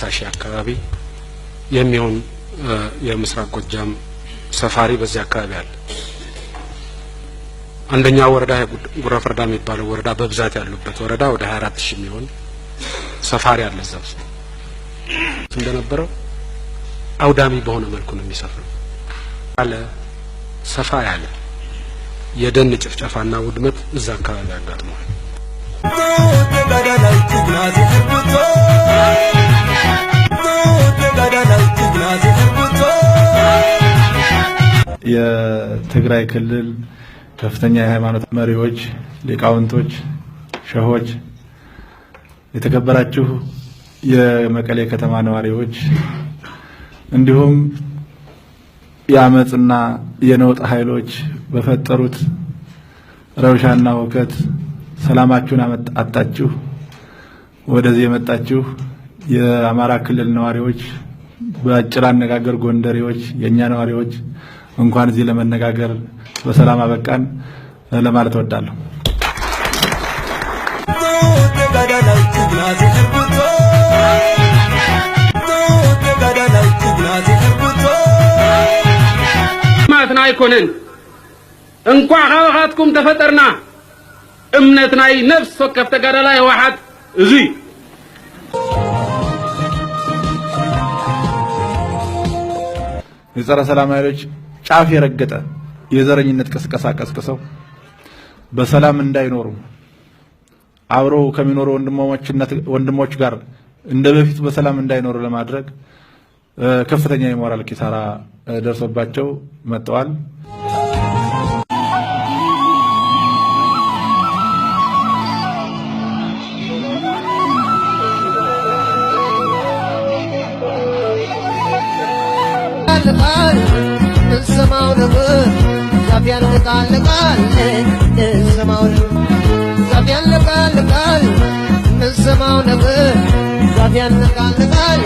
ሰላሳ ሺህ አካባቢ የሚሆን የምስራቅ ጎጃም ሰፋሪ በዚህ አካባቢ አለ። አንደኛ ወረዳ ጉራ ፈርዳ የሚባለው ወረዳ በብዛት ያሉበት ወረዳ ወደ 24 አራት ሺህ የሚሆን ሰፋሪ አለ። እዛ ውስጥ እንደነበረው አውዳሚ በሆነ መልኩ ነው የሚሰፍረው አለ ሰፋ ያለ የደን ጭፍጨፋና ውድመት እዛ አካባቢ ያጋጥመዋል። የትግራይ ክልል ከፍተኛ የሃይማኖት መሪዎች፣ ሊቃውንቶች፣ ሸሆች፣ የተከበራችሁ የመቀሌ ከተማ ነዋሪዎች እንዲሁም የአመፅና የነውጥ ኃይሎች በፈጠሩት ረብሻና ውከት ሰላማችሁን አጣችሁ ወደዚህ የመጣችሁ የአማራ ክልል ነዋሪዎች በአጭር አነጋገር ጎንደሬዎች፣ የእኛ ነዋሪዎች እንኳን እዚህ ለመነጋገር በሰላም አበቃን ለማለት እወዳለሁ። ማትና አይኮንን እንኳን ሀወሓትኩም ተፈጠርና እምነትናይ ነፍስ ወከፍ ተጋዳላይ ህወሓት እዙይ የጸረ ሰላም ኃይሎች ጫፍ የረገጠ የዘረኝነት ቅስቀሳ ቀስቅሰው በሰላም እንዳይኖሩ አብሮ ከሚኖሩ ወንድሞች ጋር እንደ በፊቱ በሰላም እንዳይኖሩ ለማድረግ ከፍተኛ የሞራል ኪሳራ ደርሶባቸው መጥተዋል። ልፋል እንሰማው ነው ዛፍ ያንቃልቃል እንሰማው ነው ዛፍ ያንቃልቃል እንሰማው ነው ዛፍ ያንቃልቃል